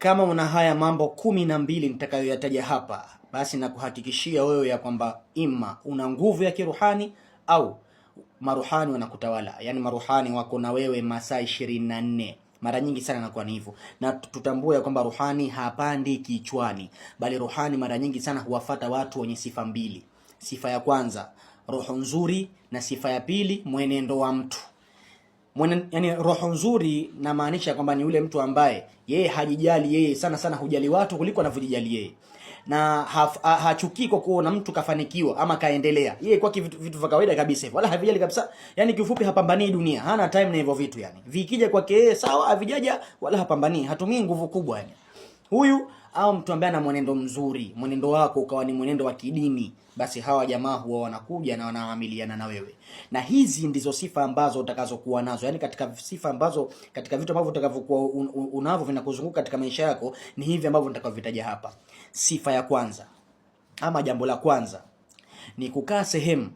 Kama una haya mambo kumi na mbili nitakayoyataja hapa, basi nakuhakikishia wewe ya kwamba ima una nguvu ya kiruhani au maruhani wanakutawala, yaani maruhani wako na wewe masaa ishirini na nne. Mara nyingi sana nakuwa ni hivyo, na tutambue ya kwamba ruhani hapandi kichwani, bali ruhani mara nyingi sana huwafata watu wenye sifa mbili. Sifa ya kwanza roho nzuri, na sifa ya pili mwenendo wa mtu. Mwana, yani roho nzuri namaanisha kwamba ni yule mtu ambaye yeye hajijali yeye sana sana, hujali watu kuliko anavyojijali yeye, na hachukii kwa kuona mtu kafanikiwa ama kaendelea. Yeye kwa vitu, vitu vya kawaida kabisa wala havijali kabisa, yani kifupi, hapambanii dunia, hana time na hivyo vitu, yani vikija kwake yeye sawa, havijaja wala hapambanii, hatumii nguvu kubwa yani huyu au mtu ambaye ana mwenendo mzuri, mwenendo wako ukawa ni mwenendo wa kidini, basi hawa jamaa huwa wanakuja na wanaamiliana na wewe, na hizi ndizo sifa ambazo utakazokuwa nazo. yaani katika sifa ambazo, katika vitu ambavyo utakavyokuwa unavyo vinakuzunguka katika maisha yako, ni hivi ambavyo nitakavyovitaja hapa. Sifa ya kwanza ama jambo la kwanza ni kukaa sehemu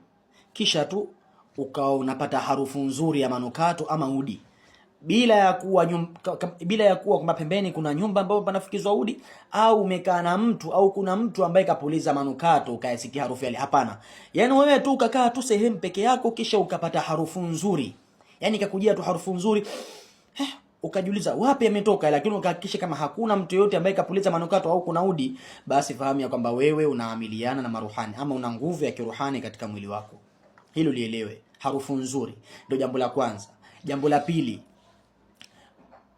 kisha tu ukawa unapata harufu nzuri ya manukato ama udi bila ya kuwa nyum, bila ya kuwa kwamba pembeni kuna nyumba ambayo panafukizwa udi au umekaa na mtu au kuna mtu ambaye kapuliza manukato ukayasikia harufu yale. Hapana, yani wewe tu ukakaa tu sehemu peke yako kisha ukapata harufu nzuri, yani ikakujia tu harufu nzuri eh, ukajiuliza wapi ametoka, lakini ukahakikisha kama hakuna mtu yoyote ambaye kapuliza manukato au kuna udi, basi fahamu ya kwamba wewe unaamiliana na maruhani ama una nguvu ya kiruhani katika mwili wako. Hilo lielewe. Harufu nzuri ndio jambo la kwanza. Jambo la pili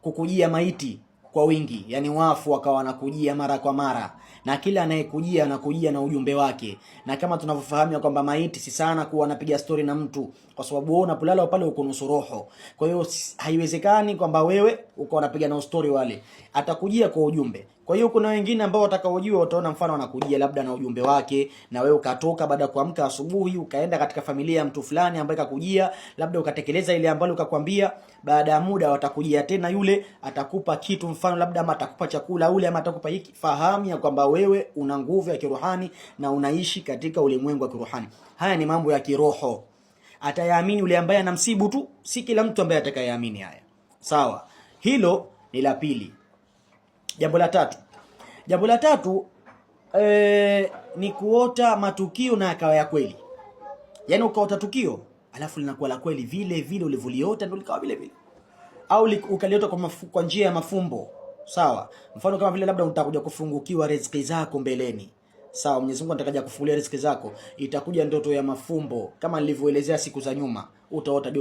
kukujia maiti kwa wingi, yani wafu wakawa wanakujia mara kwa mara, na kila anayekujia anakujia na ujumbe wake. Na kama tunavyofahamu kwamba maiti si sana kuwa anapiga stori na mtu, kwa sababu wewe unapolala pale uko nusu roho. Kwa hiyo haiwezekani kwamba wewe uko unapiga na stori, wale atakujia kwa ujumbe. Kwa hiyo kuna wengine ambao watakaojua utaona mfano anakujia labda na ujumbe wake, na wewe ukatoka baada ya kuamka asubuhi ukaenda katika familia ya mtu fulani ambaye kakujia, labda ukatekeleza ile ambalo ukakwambia. Baada ya muda watakujia tena, yule atakupa kitu mfano labda, ama atakupa chakula ule, ama atakupa hiki. Fahamu ya kwamba wewe una nguvu ya kiruhani na unaishi katika ulimwengu wa kiruhani. Haya ni mambo ya kiroho, atayaamini yule ambaye anamsibu tu, si kila mtu ambaye atakayeamini haya. Sawa, hilo ni la pili. Jambo la tatu, jambo la tatu e, ni kuota matukio na yakawa ya kweli, yaani ukaota tukio alafu linakuwa la kweli vile vile ulivyoliota ndio likawa vile vile, au ukaliota kwa, kwa njia ya mafumbo. Sawa, mfano kama vile labda utakuja kufungukiwa riziki zako mbeleni. Sawa, Mwenyezi Mungu anataka kufungulia riziki zako, itakuja ndoto ya mafumbo kama nilivyoelezea siku za nyuma. Utaota,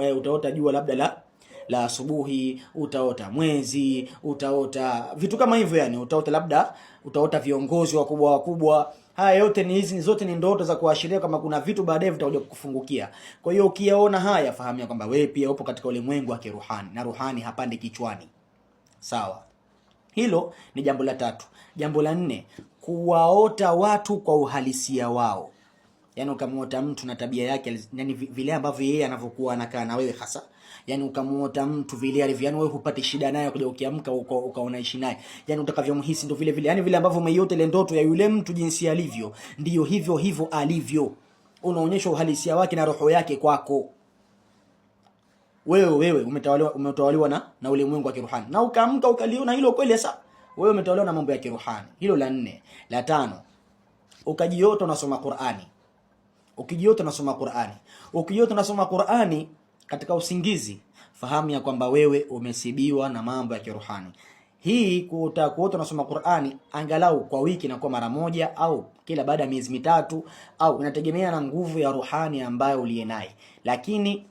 eh, utaota jua labda la la asubuhi, utaota mwezi, utaota vitu kama hivyo, yani utaota labda utaota viongozi wakubwa wakubwa. Haya yote ni hizi zote ni ndoto za kuashiria kama kuna vitu baadaye vitakuja kukufungukia. Kwa hiyo ukiyaona haya, fahamia kwamba wewe pia upo katika ulimwengu wa kiruhani, na ruhani hapandi kichwani, sawa? Hilo ni jambo la tatu. Jambo la nne, kuwaota watu kwa uhalisia wao, yaani ukamwota mtu na tabia yake, yani vile ambavyo yeye anavyokuwa anakaa na wewe hasa yani ukamuota mtu vile alivyo, yani wewe hupati shida naye, kuja ukiamka ukaona ukaonaishi naye, yani utakavyomhisi ndio vile vile, yani vile ambavyo umeiota ile ndoto ya yule mtu jinsi alivyo, ndio hivyo hivyo alivyo, unaonyesha uhalisia wake na roho yake kwako wewe. Wewe umetawaliwa umetawaliwa na na ulimwengu wa kiruhani, na ukaamka ukaliona hilo kweli. Sasa wewe umetawaliwa na mambo ya kiruhani. Hilo la nne. La tano, ukajiota unasoma Qur'ani, ukijiota unasoma Qur'ani, ukijiota unasoma Qur'ani katika usingizi, fahamu ya kwamba wewe umesibiwa na mambo ya kiruhani Hii kuota unasoma Qur'ani angalau kwa wiki na kwa mara moja au kila baada ya miezi mitatu au inategemea na nguvu ya ruhani ambayo uliye naye, lakini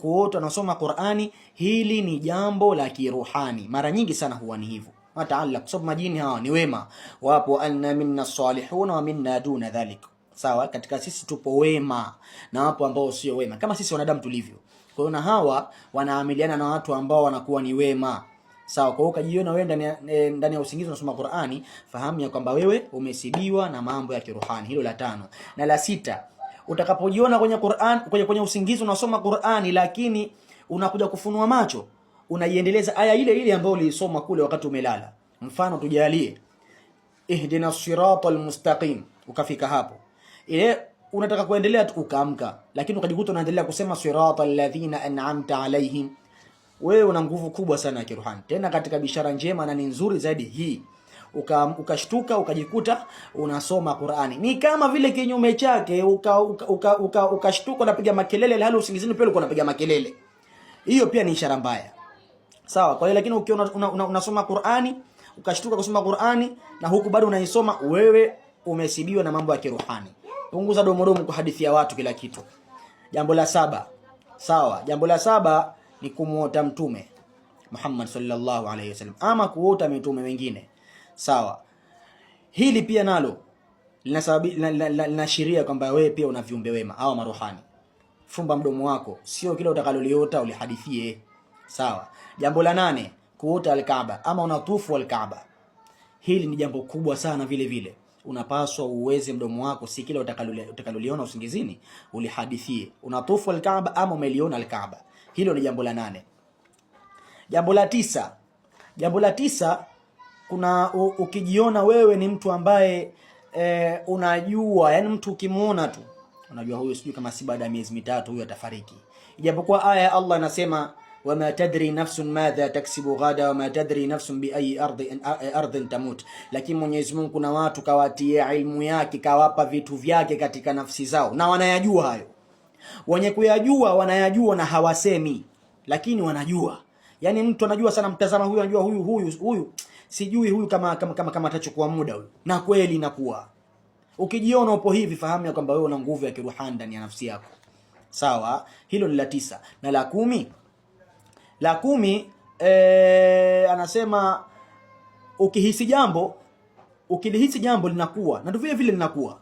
kuota unasoma Qur'ani hili ni jambo la kiruhani. Mara nyingi sana huwa ni hivyo mataala, kwa sababu majini hawa ni wema, wapo anna minna salihuna wa minna duna dhalik sawa. Katika sisi tupo wema na wapo ambao sio wema, kama sisi wanadamu tulivyo. Kwa na hawa wanaamiliana na watu ambao wanakuwa ni wema Sawa, kwa hiyo ukajiona wewe ndani e, ndani ya usingizi unasoma Qur'ani, fahamu ya kwamba wewe umesibiwa na mambo ya kiruhani. Hilo la tano. Na la sita, utakapojiona kwenye Qur'an kwenye, kwenye usingizi unasoma Qur'ani, lakini unakuja kufunua macho, unaiendeleza aya ile ile ambayo ulisoma kule wakati umelala. Mfano tujalie, ihdina siratal mustaqim, ukafika hapo ile unataka kuendelea tu ukaamka, lakini ukajikuta unaendelea kusema sirata alladhina an'amta alaihim. Wewe una nguvu kubwa sana ya kiruhani, tena katika bishara njema na ni nzuri zaidi hii ukashtuka uka ukajikuta unasoma Qur'ani, ni kama vile kinyume chake. Ukashtuka uka, uka, uka unapiga makelele, hali usingizini pia ulikuwa unapiga makelele. Hiyo pia ni ishara mbaya, sawa? Kwa hiyo lakini ukiona una, una, unasoma Qur'ani ukashtuka kusoma Qur'ani na huku bado unaisoma, wewe umesibiwa na mambo ya kiruhani punguza domodomo kuhadithia watu kila kitu. Jambo la saba, sawa. Jambo la saba ni kumuota Mtume Muhammad sallallahu alaihi wasallam ama kuota mitume wengine, sawa. Hili pia nalo linaashiria kwamba wewe pia una viumbe wema au maruhani. Fumba mdomo wako, sio kile utakaloliota ulihadithie, sawa. Jambo la nane, kuota Alkaaba ama unatufu Alkaaba. Hili ni jambo kubwa sana vile vile unapaswa uweze mdomo wako, si kila utakaloliona usingizini ulihadithie. Unatufu alkaaba ama umeliona alkaaba. Hilo ni jambo la nane. Jambo la tisa, jambo la tisa, kuna ukijiona wewe ni mtu ambaye e, unajua yani, mtu ukimuona tu unajua huyu, sijui kama si baada ya miezi mitatu huyu atafariki, ijapokuwa aya ya Allah inasema wama tadri nafsun madha taksibu ghada wama tadri nafsun bi ayi ارض تموت لكن Lakini Mwenyezi Mungu kuna watu kawatia ilmu yake kawapa vitu vyake katika nafsi zao, na wanayajua hayo. Wenye kuyajua wanayajua na hawasemi, lakini wanajua. Yani mtu anajua sana, mtazama huyu anajua huyu huyu huyu, sijui huyu kama kama kama, kama atachukua muda huyu, na kweli inakuwa Ukijiona upo hivi, fahamu ya kwamba wewe una nguvu ya kiruhani ndani ya nafsi yako. Sawa, hilo ni la tisa na la kumi la kumi e, anasema ukihisi jambo ukilihisi jambo linakuwa na ndio vile vile linakuwa.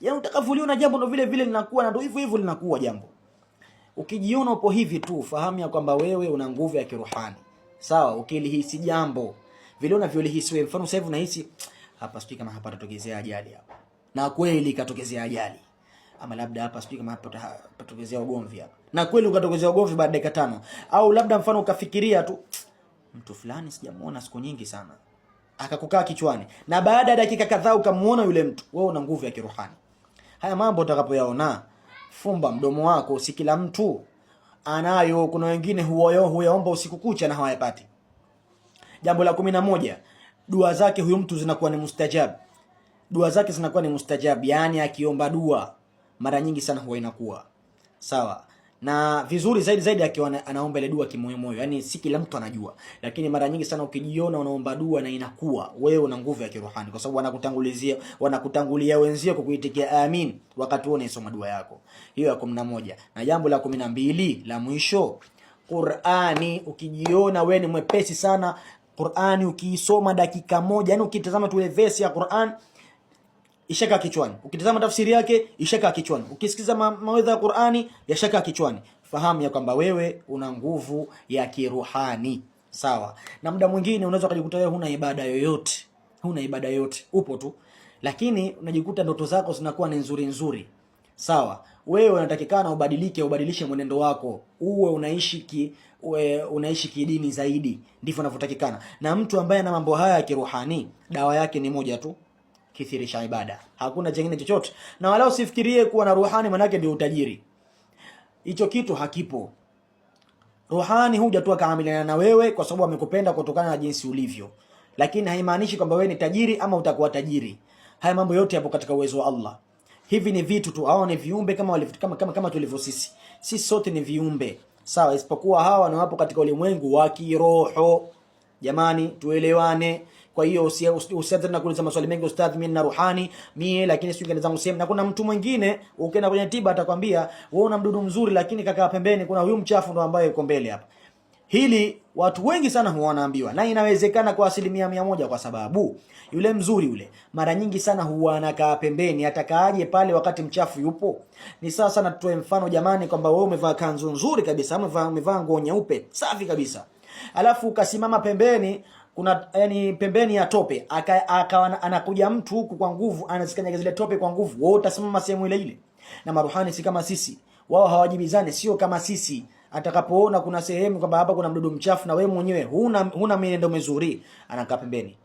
Yaani utakavyoona na jambo ndio vile vile linakuwa na ndio hivyo hivyo linakuwa jambo. Ukijiona upo hivi tu, fahamu ya kwamba wewe una nguvu ya kiruhani. Sawa, ukilihisi jambo vile unavyolihisi wewe. Mfano sasa hivi unahisi hapa sijui kama hapa tatokezea ajali hapa. Na kweli katokezea ajali. Ama labda hapa sijui kama hapa tatokezea ugomvi hapa na kweli ukatokezea ugomvi baada ya dakika tano, au labda mfano ukafikiria tu mtu fulani sijamuona siku nyingi sana, akakukaa kichwani, na baada ya dakika kadhaa ukamuona yule mtu, wewe una nguvu ya kiruhani. Haya mambo utakapoyaona, fumba mdomo wako, si kila mtu anayo. Kuna wengine huoyo huyaomba usiku kucha na hawayapati. Jambo la kumi na moja, dua zake huyo mtu zinakuwa ni mustajab. Dua zake zinakuwa ni mustajab, yani akiomba dua mara nyingi sana huwa inakuwa sawa na vizuri zaidi zaidi akiwa anaomba ile dua kimoyomoyo, yani si kila mtu anajua, lakini mara nyingi sana ukijiona unaomba dua na inakuwa wewe una nguvu ya kirohani, kwa sababu wanakutangulizia wanakutangulia wenzio kwa kuitikia amin wakati wewe unaisoma dua yako. Hiyo ya kumi na moja. Na jambo la kumi na mbili la mwisho, Qur'ani. Ukijiona wewe ni mwepesi sana Qur'ani, ukiisoma dakika moja, yani ukitazama tu ile verse ya Qurani ishaka kichwani. Ukitazama tafsiri yake ishaka kichwani, ukisikiza ma mawedha ya Qur'ani yashaka kichwani, fahamu ya kwamba wewe una nguvu ya kiruhani sawa. Na muda mwingine unaweza ukajikuta wewe huna ibada yoyote, huna ibada yoyote, upo tu, lakini unajikuta ndoto zako zinakuwa ni nzuri nzuri, sawa. Wewe unatakikana ubadilike, ubadilishe mwenendo wako, uwe unaishi ki uwe unaishi kidini zaidi, ndivyo unavyotakikana. Na mtu ambaye ana mambo haya ya kiruhani, dawa yake ni moja tu kithirisha ibada, hakuna chengine chochote. Na wala usifikirie kuwa na ruhani manake ndio utajiri, hicho kitu hakipo. Ruhani huja tu akaamiliana na wewe kwa sababu amekupenda kutokana na jinsi ulivyo, lakini haimaanishi kwamba wewe ni tajiri ama utakuwa tajiri. Haya mambo yote yapo katika uwezo wa Allah. Hivi ni vitu tu, hao ni viumbe kama, kama, kama, kama tulivyo sisi. Sisi sote ni viumbe sawa, isipokuwa hawa na wapo katika ulimwengu wa kiroho. Jamani, tuelewane. Kwa hiyo usianze na kuuliza maswali mengi ustadh, mimi nina ruhani mie, lakini sio kile zangu sehemu. Na kuna mtu mwingine ukienda kwenye tiba atakwambia wewe una mdudu mzuri, lakini kaka pembeni kuna huyu mchafu ndo ambaye yuko mbele hapa. Hili watu wengi sana huwa wanaambiwa, na inawezekana kwa asilimia mia moja, kwa sababu yule mzuri yule mara nyingi sana huwa anakaa pembeni. Atakaaje pale wakati mchafu yupo? Ni sawa sana, tutoe mfano jamani, kwamba wewe umevaa kanzu nzuri kabisa, umevaa nguo nyeupe safi kabisa, alafu ukasimama pembeni kuna yani pembeni ya tope akawa anakuja mtu huku kwa nguvu, anazikanyaga zile tope kwa nguvu, wewe utasimama sehemu ile ile. Na maruhani si kama sisi, wao hawajibizani, sio kama sisi. Atakapoona kuna sehemu kwamba hapa kuna mdudu mchafu na wewe mwenyewe huna huna mienendo mizuri, anakaa pembeni.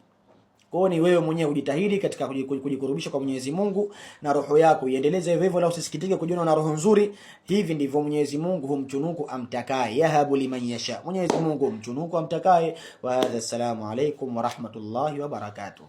Kwa hiyo ni wewe mwenyewe ujitahidi katika kujikurubisha kwa Mwenyezi Mungu na roho yako iendeleze hivyo hivyo, la usisikitike kujiona na roho nzuri. Hivi ndivyo Mwenyezi Mungu humchunuku amtakaye, yahabu liman yasha. Mwenyezi Mungu humchunuku amtakaye. Wa hadha, assalamu alaykum wa rahmatullahi wa barakatuh.